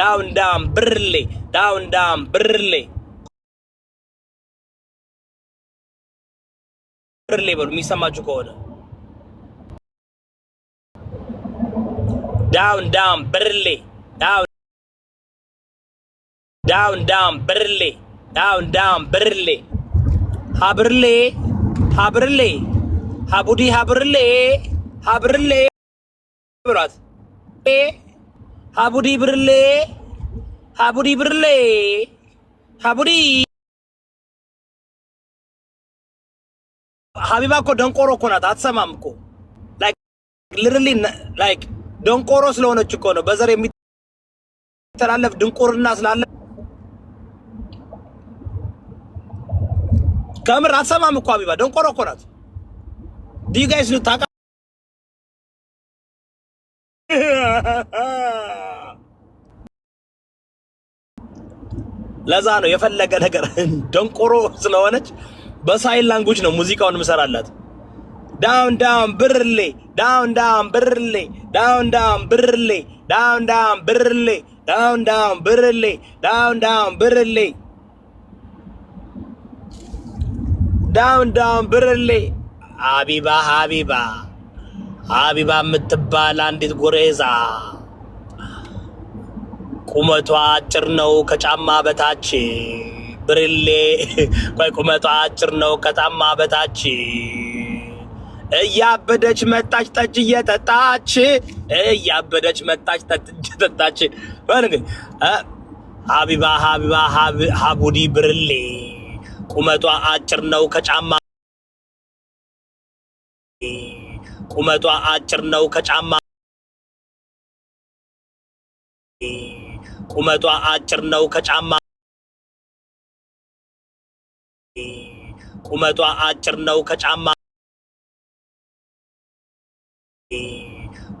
daawndambirle daawndambirle ብርሌ ብርሌ በሉ የሚሰማችሁ ከሆነ ዳውን ዳውን ብርሌ ዳውን ዳውን ብርሌ ዳውን ዳውን ብርሌ ሀብርሌ ሀብርሌ ሀቡዲ ሀብርሌ ሀብርሌ ብሏት ሀቡዲ ብርሌ ሀቡዲ ብርሌ ሀቡዲ ሀቢባ እኮ ደንቆሮ እኮ ናት። አትሰማም እኮ ልርሊ ላይክ ደንቆሮ ስለሆነች እኮ ነው። በዘር የሚተላለፍ ድንቁርና ስላለ ከምር አትሰማም እኮ ሀቢባ ደንቆሮ እኮ ናት። ዲዩ ጋይስ ታውቃ ለዛ ነው የፈለገ ነገር ደንቆሮ ስለሆነች በሳይን ላንጉጅ ነው ሙዚቃውን ምሰራላት። ዳውን ዳውን ብርሌ ዳውን ዳውን ብርሌ ዳውን ዳውን ብርሌ ዳውን ዳውን ብርሌ ዳውን ዳውን ብርሌ ዳውን ዳውን ብርሌ ዳውን ዳውን ብርሌ ሀቢባ ሀቢባ ሀቢባ የምትባል አንዲት ጉሬዛ ቁመቷ አጭር ነው ከጫማ በታች ብርሌ። ቆይ ቁመቷ አጭር ነው ከጫማ በታች እያበደች መጣች ጠጅ እየጠጣች እያበደች መጣች ጠጅ እየጠጣች ሀቢባ ሀቢባ ሀቡዲ ብርሌ ቁመቷ አጭር ነው ከጫማ ቁመቷ አጭር ነው ከጫማ ቁመቷ አጭር ነው። ከጫማ ቁመቷ አጭር ነው። ከጫማ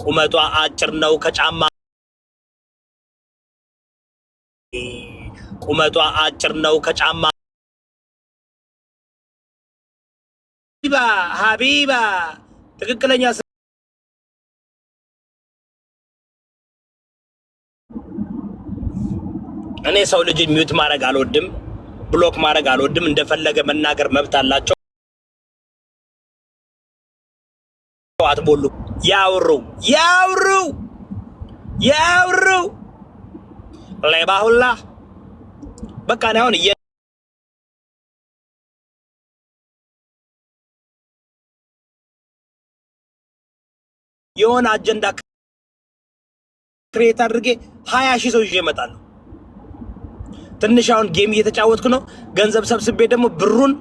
ቁመቷ አጭር ነው። ከጫማ ቁመቷ አጭር ነው። ከጫማ ሀቢባ ሀቢባ ትክክለኛ እኔ ሰው ልጅ ሚዩት ማድረግ አልወድም፣ ብሎክ ማድረግ አልወድም። እንደፈለገ መናገር መብት አላቸው። አትሞሉ። ያውሩ ያውሩ ያውሩ ሌባ ሁላ በቃ ነው አሁን የሆነ አጀንዳ ክሬት አድርጌ ሀያ ሺህ ሰው ይዤ እመጣለሁ። ትንሽ አሁን ጌም እየተጫወትኩ ነው። ገንዘብ ሰብስቤ ደግሞ ብሩን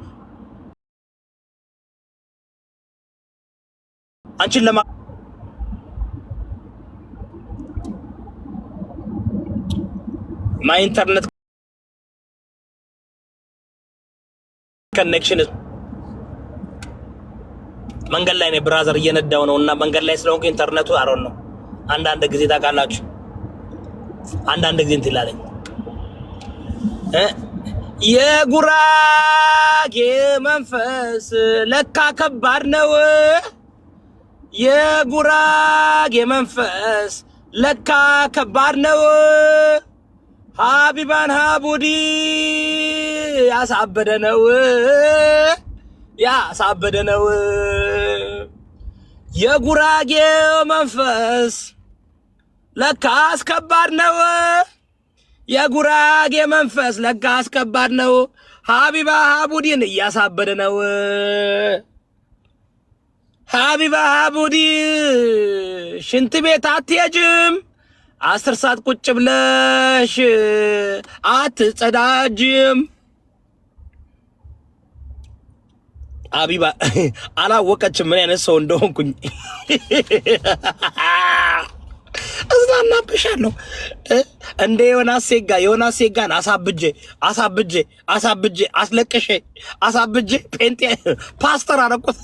አንቺን ለማ ማይ ኢንተርኔት ኮኔክሽን መንገድ ላይ ነው ብራዘር፣ እየነዳው ነው እና መንገድ ላይ ስለሆንኩ ኢንተርኔቱ አሮን ነው። አንዳንድ ጊዜ ታውቃላችሁ፣ አንዳንድ ጊዜ እንትላለኝ የጉራጌ መንፈስ ለካ ከባድ ነው። የጉራጌ መንፈስ ለካ ከባድ ነው። ሀቢባን ሀቡዲ ያሳበደ ነው ያሳበደ ነው የጉራጌው መንፈስ ለካ አስከባድ ነው። የጉራጌ መንፈስ ለካ አስከባድ ነው። ሀቢባ ሀቡዲን እያሳበደ ነው። ሀቢባ ሀቡዲ ሽንት ቤት አትሄጂም፣ አስር ሰዓት ቁጭ ብለሽ አትጸዳጅም። ሀቢባ አላወቀችም ምን አይነት ሰው እንደሆንኩኝ። እዝናናብሻለሁ እንደ ዮናስ ሴጋ ዮናስ ሴጋን አሳብጄ አሳብጄ አሳብጄ አስለቅሼ አሳብጄ ጴንጤ ፓስተር አረቁት።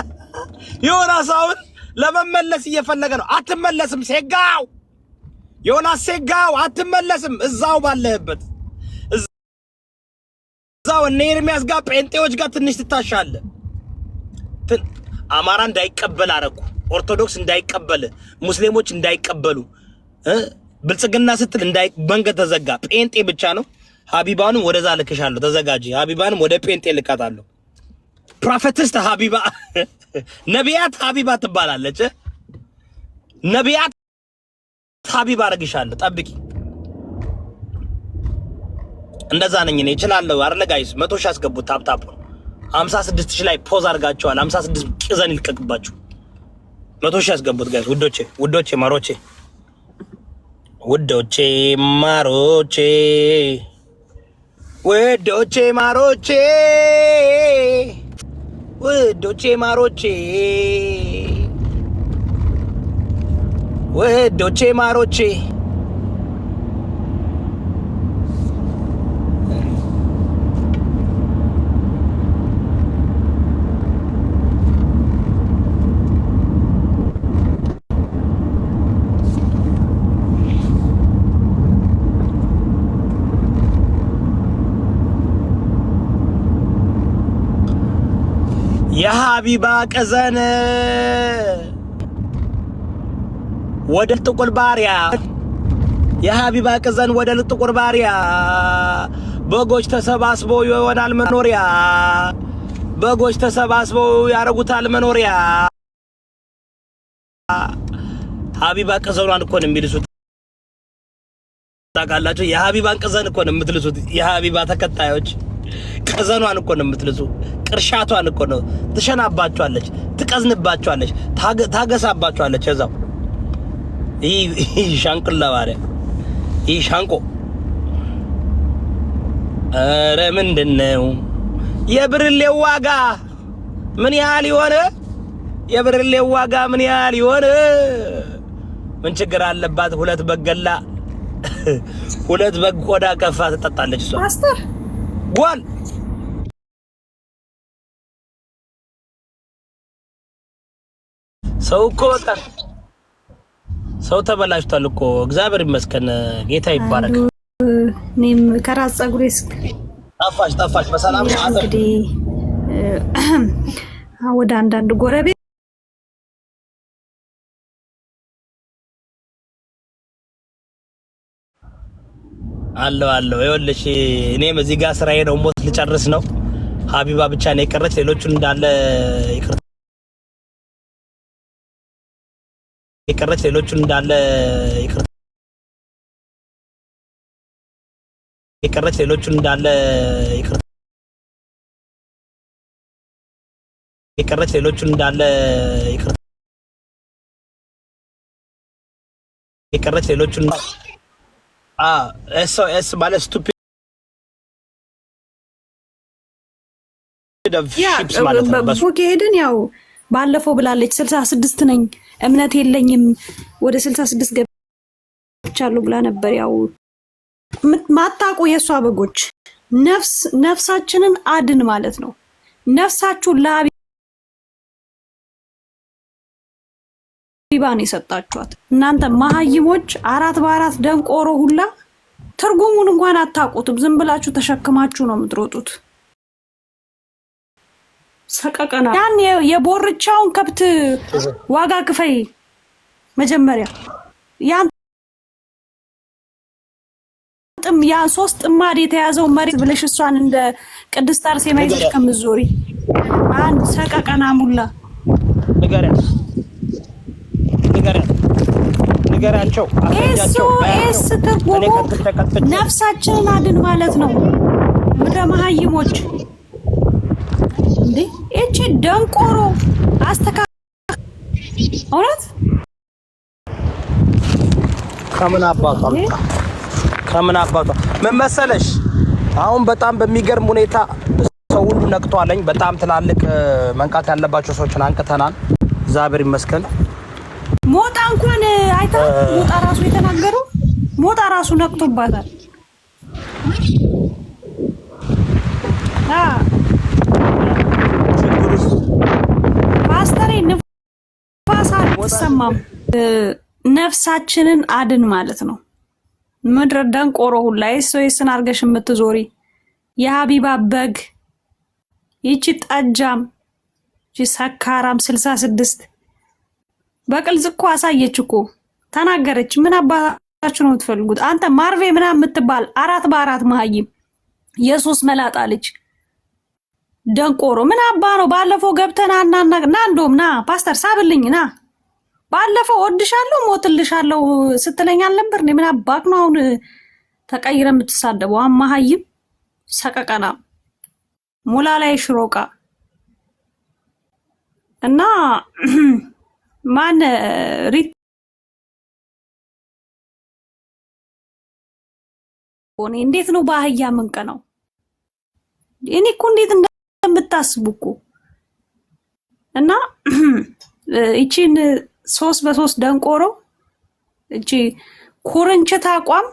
ዮናስ አሁን ለመመለስ እየፈለገ ነው። አትመለስም ሴጋው ዮናስ ሴጋው አትመለስም። እዛው ባለህበት እዛው እነ ኤርሚያስ ጋር ጴንጤዎች ጋር ትንሽ ትታሻለ። አማራ እንዳይቀበል አረኩ። ኦርቶዶክስ እንዳይቀበል፣ ሙስሊሞች እንዳይቀበሉ፣ ብልጽግና ስትል እንዳይ መንገድ ተዘጋ። ጴንጤ ብቻ ነው። ሀቢባንም ወደዛ ልክሻለሁ፣ ተዘጋጂ። ሀቢባንም ወደ ጴንጤ ልካታለሁ። ፕሮፌትስት ሀቢባ ነቢያት ሀቢባ ትባላለች። ነቢያት ሀቢባ አረግሻለሁ፣ ጠብቂ። እንደዛ ነኝ እኔ እችላለሁ። አይደለ ጋይስ፣ መቶ ሺህ አስገቡት። ታፕ ታፕ 56 ሺህ ላይ ፖዝ አድርጋችኋል። 56 ቅዘን ይልቀቅባችሁ። መቶ ሺህ አስገቡት ጋይስ ውዶቼ ውዶቼ ማሮቼ ውዶቼ ማሮቼ ውዶቼ ማሮቼ ውዶቼ ማሮቼ ውዶቼ ማሮቼ የሀቢባ ቀዘን ወደ ጥቁር ባሪያ የሀቢባ ቀዘን ወደ ጥቁር ባሪያ በጎች ተሰባስበው ይሆናል መኖሪያ በጎች ተሰባስበው ያረጉታል መኖሪያ። ሀቢባ ቅዘኗን እኮ ነው የሚልሱት ታውቃላችሁ። የሀቢባን ቀዘን እኮ ነው የምትልሱት የሀቢባ ተከታዮች። ቀዘኗን እኮ ነው የምትልጹ። ቅርሻቷን እኮ ነው ትሸናባችኋለች፣ ትቀዝንባችኋለች፣ ታገሳባችኋለች። እዛው ይህ ሻንቅላ ባሪያ ይህ ሻንቆ ኧረ ምንድን ነው የብርሌው ዋጋ ምን ያህል ይሆን? የብርሌው ዋጋ ምን ያህል ይሆን? ምን ችግር አለባት? ሁለት በግ ገላ ሁለት በግ ቆዳ ከፋ ትጠጣለች እሷ። ጓል ሰው እኮ በቃ ሰው ተበላሽቷል እኮ። እግዚአብሔር ይመስገን፣ ጌታ ይባረክ። እኔም ከራስ ጸጉሬ እስክ ጠፋሽ ጠፋሽ። በሰላም እንግዲህ ወደ አንዳንድ ጎረቤት አለው አለው። ይኸውልሽ እኔም እዚህ ጋር ስራዬ ነው፣ ሞት ልጨርስ ነው። ሀቢባ ብቻ ነው የቀረች፣ ሌሎቹን እንዳለ ይቅርታ የቀረች ሌሎቹን እንዳለ ይቅርታ የቀረች ሌሎቹን እንዳለ ይቅርታ የቀረች ሌሎቹን እንዳለ ይቅርታ የቀረች ሌሎቹን ኤስ ማለት ስቱፒድ ከሄድን ያው ባለፈው ብላለች ስልሳ ስድስት ነኝ እምነት የለኝም ወደ ስልሳ ስድስት ገብቻለሁ ብላ ነበር። ያው የእሷ በጎች ነፍስ ነፍሳችንን አድን ማለት ነው። ከንቲባን የሰጣችኋት እናንተ መሀይሞች፣ አራት በአራት ደንቆሮ ሁላ ትርጉሙን እንኳን አታውቁትም። ዝም ብላችሁ ተሸክማችሁ ነው የምትሮጡት። ሰቀቀና ያን የቦርቻውን ከብት ዋጋ ክፈይ መጀመሪያ ያን ያ ሶስት ጥማድ የተያዘው መሬት ብለሽ እሷን እንደ ቅድስት አርሴማ ይዘሽ ከምትዞሪ አንድ ሰቀቀና ሙላ ንገሪያት። ንገራቸው። እሱ እስ ትርጉሙ ነፍሳችንን አድን ማለት ነው። ምድረ መሀይሞች እንዴ! እቺ ደንቆሮ አስተካ እውነት ከምን አባቷ ከምን አባቷ ምን መሰለሽ፣ አሁን በጣም በሚገርም ሁኔታ ሰው ሁሉ ነቅቷለኝ። በጣም ትላልቅ መንቃት ያለባቸው ሰዎችን አንቅተናል። እግዚአብሔር ይመስገን። ሞጣ እንኳን አይታ ሞጣ ራሱ የተናገረው ሞጣ ራሱ ነቅቶባታል። ፓስተሬ ንፋሳ አትሰማም፣ ነፍሳችንን አድን ማለት ነው። ምድረ ደንቆሮ ሁላ ሰው የስን አርገሽ የምትዞሪ የሀቢባ በግ ይቺ ጠጃም ይቺ ሰካራም ስልሳ ስድስት በቅልዝ እኮ አሳየች እኮ ተናገረች። ምን አባታችሁ ነው የምትፈልጉት? አንተ ማርቬ ምና የምትባል አራት በአራት መሀይም የሶስት መላጣ ልጅ ደንቆሮ ምን አባ ነው? ባለፈው ገብተን ናና ና እንደውም ና ፓስተር ሳብልኝ ና ባለፈው ወድሻለሁ ሞትልሻለሁ ስትለኝ አልነበር? ምን አባክ ነው አሁን ተቀይረ የምትሳደበው? አማሀይም ሰቀቀና ሙላ ላይ ሽሮቃ እና ማን ሪት እንዴት ነው በአህያ ምንቅ ነው? እኔ እኮ እንዴት እንደምታስቡ እኮ እና እቺን ሶስት በሶስት ደንቆሮ እቺ ኩርንችት አቋም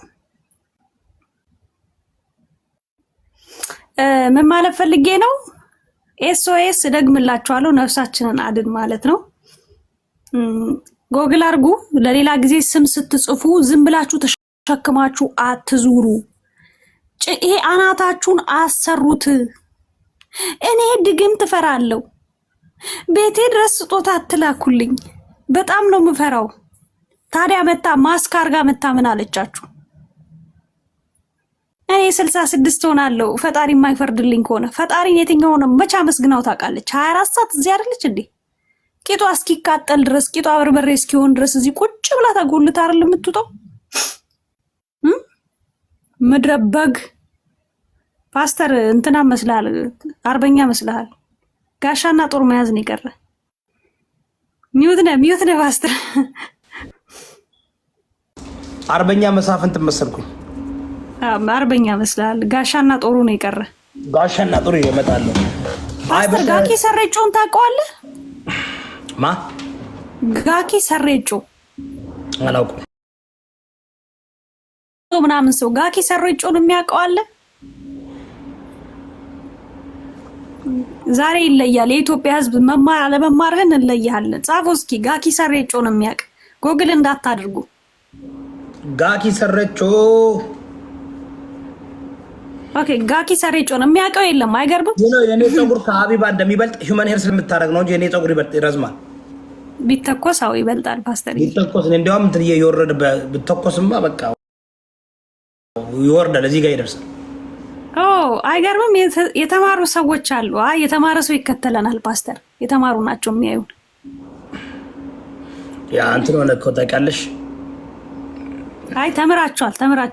ምን ማለት ፈልጌ ነው? ኤስኦኤስ ደግምላችኋለሁ፣ ነፍሳችንን አድን ማለት ነው። ጎግል አድርጉ። ለሌላ ጊዜ ስም ስትጽፉ ዝም ብላችሁ ተሸክማችሁ አትዙሩ። ይሄ አናታችሁን አሰሩት። እኔ ድግም ትፈራለሁ። ቤቴ ድረስ ስጦታ አትላኩልኝ፣ በጣም ነው የምፈራው። ታዲያ መታ ማስክ አርጋ መታ ምን አለቻችሁ? እኔ ስልሳ ስድስት ሆናለሁ ፈጣሪ የማይፈርድልኝ ከሆነ ፈጣሪን የትኛው ሆነ መቼ አመስግናው ታውቃለች? ሀያ አራት ሰዓት እዚህ አይደለች እንዴ? ቂጧ እስኪቃጠል ድረስ ቂጧ በርበሬ እስኪሆን ድረስ እዚህ ቁጭ ብላ ተጎልታ አይደል የምትውጠው? ምድረ በግ ፓስተር እንትና መስልሃል፣ አርበኛ መስልሃል። ጋሻና ጦር መያዝ ነው የቀረ። ሚዩት ነ ሚዩት ነ ፓስተር። አርበኛ መሳፍንት መሰልኩኝ። አርበኛ መስልሃል። ጋሻና ጦሩ ነው የቀረ። ጋሻና ጦሩ ይመጣለሁ። ፓስተር ጋኪ ሰረጮን ታውቀዋለህ? ማ ጋኪ ሰሬጮ አላውቅም። ምናምን ሰው ጋኪ ሰሬጮን የሚያውቀው አለ? ዛሬ ይለያል። የኢትዮጵያ ሕዝብ መማር አለመማርህን እንለያለን። ጻፎ እስኪ ጋኪ ሰሬጮን ነው የሚያውቅ። ጎግል እንዳታድርጉ። ጋኪ ሰሬጮ ኦኬ። ጋኪ ሰሬጮ ነው የሚያውቀው የለም። አይገርምም። የኔ ፀጉር ከሀቢባ እንደሚበልጥ ሂውመን ሄር ስለምታደርግ ነው እንጂ የኔ ፀጉር ይረዝማል። ቢተኮስ አዎ ይበልጣል ፓስተር ቢተኮስ እንዲያውም እንትን እየወረድ ብተኮስማ በቃ ይወርዳል እዚህ ጋር ይደርሳል አይገርምም የተማሩ ሰዎች አሉ አይ የተማረ ሰው ይከተለናል ፓስተር የተማሩ ናቸው የሚያዩን ያ እንትን ሆነ እኮ ታውቂያለሽ አይ ተምራችኋል ተምራችኋል